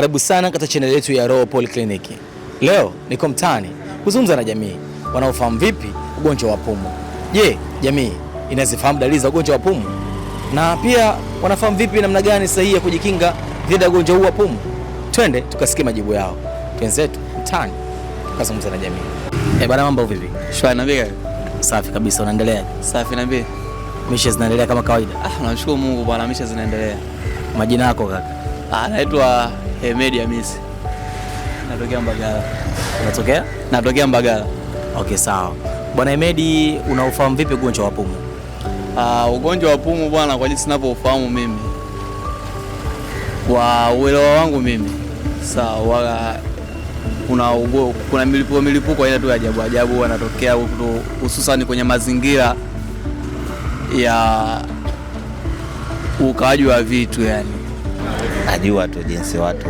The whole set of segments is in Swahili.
Karibu sana katika channel yetu ya Royal Polyclinic. Leo niko mtaani kuzungumza na jamii wanaofahamu vipi ugonjwa wa pumu. Je, jamii inazifahamu dalili za ugonjwa wa pumu na pia wanafahamu vipi namna gani sahihi ya kujikinga dhidi ya ugonjwa huu wa pumu? Twende tukasikie majibu yao. Twenzetu mtaani tukazungumza na jamii. Eh, bwana mambo vipi? Shwari na bega. Safi kabisa, unaendelea? Safi na bega. Misha zinaendelea kama kawaida? Ah, namshukuru Mungu bwana, misha zinaendelea. Majina yako kaka? Ah, naitwa Eh, medi Hamisi. Natokea Mbagala. Natokea? Natokea Mbagala. Okay, sawa. Bwana Hemedi, unaufahamu vipi ugonjwa wa pumu? Uh, ugonjwa wa pumu bwana, kwa jinsi ninavyofahamu mimi, kwa uelewa wangu mimi, sawa, kuna ugo, kuna milipuko milipuko aina tu ya ajabu ajabu wanatokea hususani kwenye mazingira ya ukaaji wa vitu yani najua tu jinsi watu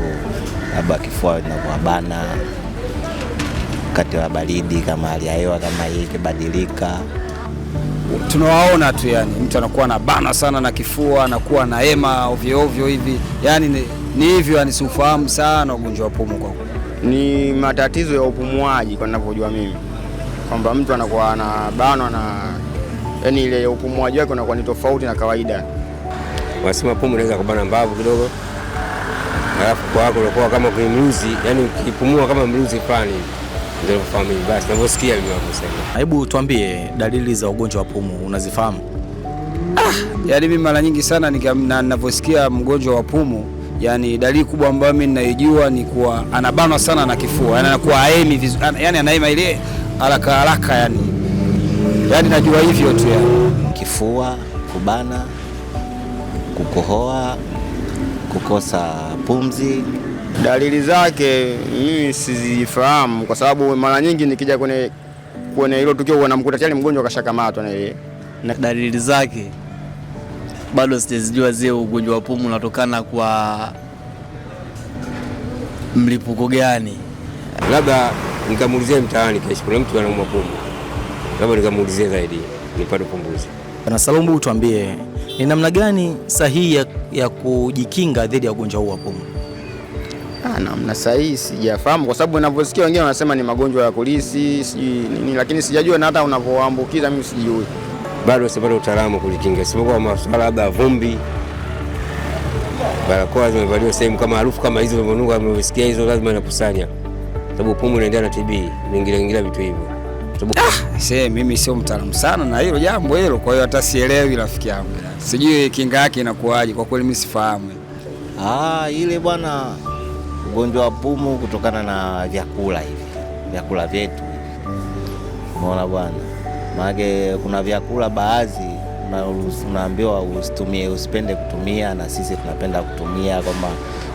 labda kifua bana wakati wa baridi, kama hali ya hewa kama hii ikibadilika tunawaona tu, yani mtu anakuwa na bana sana na kifua, anakuwa na hema ovyo ovyo hivi, yani ni, ni hivyo yani, ufahamu sana ugonjwa wa pumu kwa ni matatizo ya upumuaji kwa ninavyojua mimi, kwamba mtu anakuwa na bana na yani ile upumuaji wake unakuwa ni tofauti na kawaida. Wanasema pumu inaweza kubana mbavu kidogo alafu kwa wako unakuwa kama mluzi, yani ukipumua kama mluzi fulani ndio unafahamu. Basi navyosikia mimi wanavyosema. Hebu tuambie dalili za ugonjwa wa pumu unazifahamu? Ah, yani mimi mara nyingi sana ninavyosikia mgonjwa wa pumu yani dalili kubwa ambayo mimi ninaijua ni kuwa anabanwa sana na kifua, yani anakuwa aemi vizuri, yani anaema ile haraka haraka, yani yani najua hivyo tu, yani kifua kubana, kukohoa kukosa pumzi. Dalili zake mimi sizifahamu, kwa sababu mara nyingi nikija kwenye kwenye hilo tukio huwa namkuta tayari mgonjwa kashakamatwa na yeye, na dalili zake bado sijazijua zile. Ugonjwa wa pumu unatokana kwa mlipuko gani? Labda nikamuulizia mtaani kesho, kuna mtu anaumwa pumu, labda nikamuulizia zaidi nipate pumbuzi. Na Salumbu, tuambie ni namna gani sahihi ya, ya kujikinga dhidi ya ugonjwa huu wa pumu? Ah, namna sahihi sijafahamu, kwa sababu ninavyosikia wengine wanasema ni magonjwa ya kulisi sijui lakini sijajua na hata unavyoambukiza mimi sijui bado, sipata utaalamu kujikinga, isipokuwa masuala labda ya vumbi, barakoa zimevaliwa sehemu, kama harufu kama hizo mnuga mnavyosikia hizo lazima nakusanya sababu pumu inaendea na TB, inaingilia vitu hivyo Se, mimi sio mtaalamu sana na hilo jambo hilo, kwa hiyo hata sielewi rafiki yangu, sijui kinga yake inakuwaje. Kwa kweli mimi sifahamu ah, ile bwana ugonjwa wa pumu kutokana na vyakula hivi vyakula vyetu, unaona bwana, maana kuna vyakula baadhi unaambiwa usitumie, usipende kutumia, na sisi tunapenda kutumia. Kwa,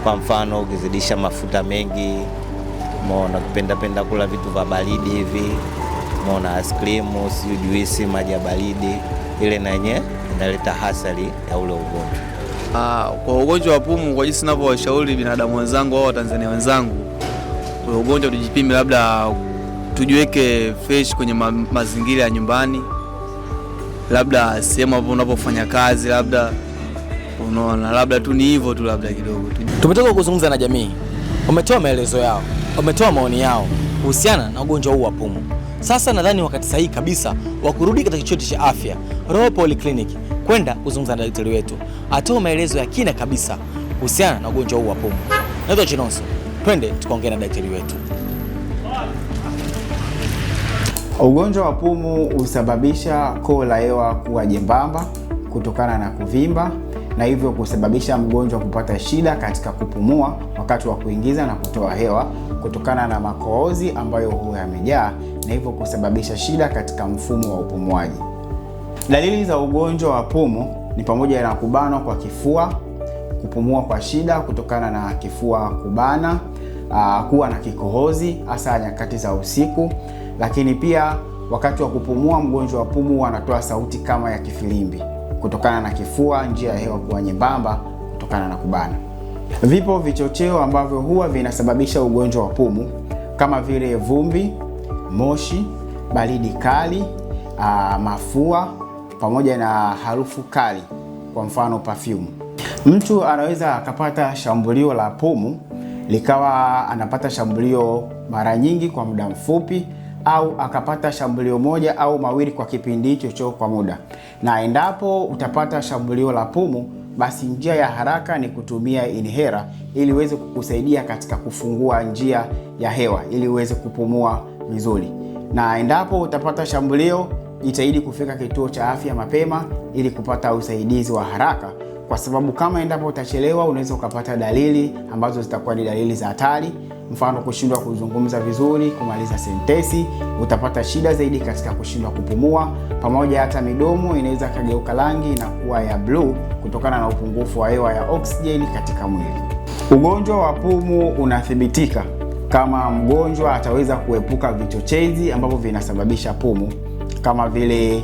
kwa mfano ukizidisha mafuta mengi, kupenda penda kula vitu vya baridi hivi mona cream, sio juisi, maji ya baridi, ile na yenyewe inaleta hasari ya ule ugonjwa. Ah, kwa ugonjwa wa pumu, kwa jinsi ninavyowashauri binadamu wenzangu au Watanzania wenzangu, ule ugonjwa tujipime, labda tujiweke fresh kwenye ma mazingira ya nyumbani, labda sehemu hapo unapofanya kazi, labda unaona, labda tu ni hivyo tu, labda kidogo. Tumetoka kuzungumza na jamii, wametoa maelezo yao, wametoa maoni yao kuhusiana na ugonjwa huu wa pumu. Sasa nadhani wakati sahihi kabisa wa kurudi katika kituo cha afya Royal Polyclinic kwenda kuzungumza na daktari wetu atoe maelezo ya kina kabisa kuhusiana na ugonjwa huu wa pumu. Naitwa Chinonso, twende tukaongea na daktari wetu. Ugonjwa wa pumu husababisha koo la hewa kuwa jembamba kutokana na kuvimba na hivyo kusababisha mgonjwa kupata shida katika kupumua wakati wa kuingiza na kutoa hewa kutokana na makohozi ambayo huwa yamejaa na hivyo kusababisha shida katika mfumo wa upumuaji. Dalili za ugonjwa wa pumu ni pamoja na kubanwa kwa kifua, kupumua kwa shida kutokana na kifua kubana, aa, ah, kuwa na kikohozi hasa nyakati za usiku, lakini pia wakati wa kupumua mgonjwa wa pumu anatoa sauti kama ya kifilimbi kutokana na kifua, njia ya hewa kuwa nyembamba kutokana na kubana. Vipo vichocheo ambavyo huwa vinasababisha ugonjwa wa pumu kama vile vumbi, moshi, baridi kali, uh, mafua pamoja na harufu kali, kwa mfano perfume. Mtu anaweza akapata shambulio la pumu likawa anapata shambulio mara nyingi kwa muda mfupi au akapata shambulio moja au mawili kwa kipindi hicho cho kwa muda. Na endapo utapata shambulio la pumu basi njia ya haraka ni kutumia inhera ili uweze kukusaidia katika kufungua njia ya hewa ili uweze kupumua vizuri. Na endapo utapata shambulio, jitahidi kufika kituo cha afya mapema ili kupata usaidizi wa haraka, kwa sababu kama endapo utachelewa, unaweza ukapata dalili ambazo zitakuwa ni dalili za hatari mfano kushindwa kuzungumza vizuri, kumaliza sentesi, utapata shida zaidi katika kushindwa kupumua, pamoja hata midomo inaweza kageuka rangi na kuwa ya bluu kutokana na upungufu wa hewa ya oksijeni katika mwili. Ugonjwa wa pumu unathibitika kama mgonjwa ataweza kuepuka vichochezi ambavyo vinasababisha pumu kama vile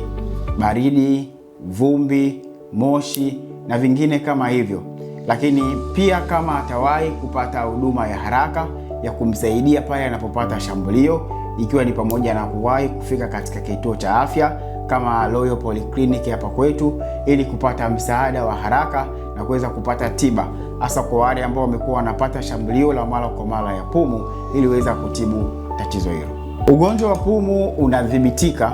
baridi, vumbi, moshi na vingine kama hivyo, lakini pia kama atawahi kupata huduma ya haraka ya kumsaidia pale anapopata shambulio, ikiwa ni pamoja na kuwahi kufika katika kituo cha afya kama Royal Polyclinic hapa kwetu ili kupata msaada wa haraka na kuweza kupata tiba, hasa kwa wale ambao wamekuwa wanapata shambulio la mara kwa mara ya pumu ili weza kutibu tatizo hilo. Ugonjwa wa pumu unadhibitika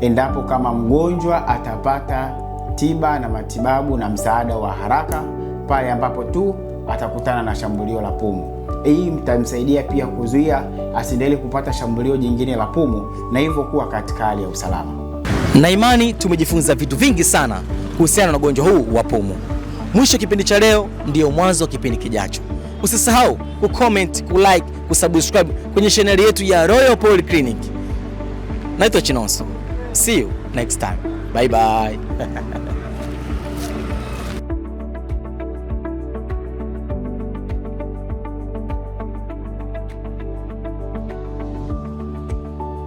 endapo kama mgonjwa atapata tiba na matibabu na msaada wa haraka pale ambapo tu atakutana na shambulio la pumu. Hii mtamsaidia pia kuzuia asiendelee kupata shambulio jingine la pumu na hivyo kuwa katika hali ya usalama. Na imani tumejifunza vitu vingi sana kuhusiana na ugonjwa huu wa pumu. Mwisho kipindi cha leo ndiyo mwanzo wa kipindi kijacho. Usisahau kucomment, kulike, kusubscribe kwenye chaneli yetu ya Royal Polyclinic. Naitwa Chinonso. See you next time. Bye bye.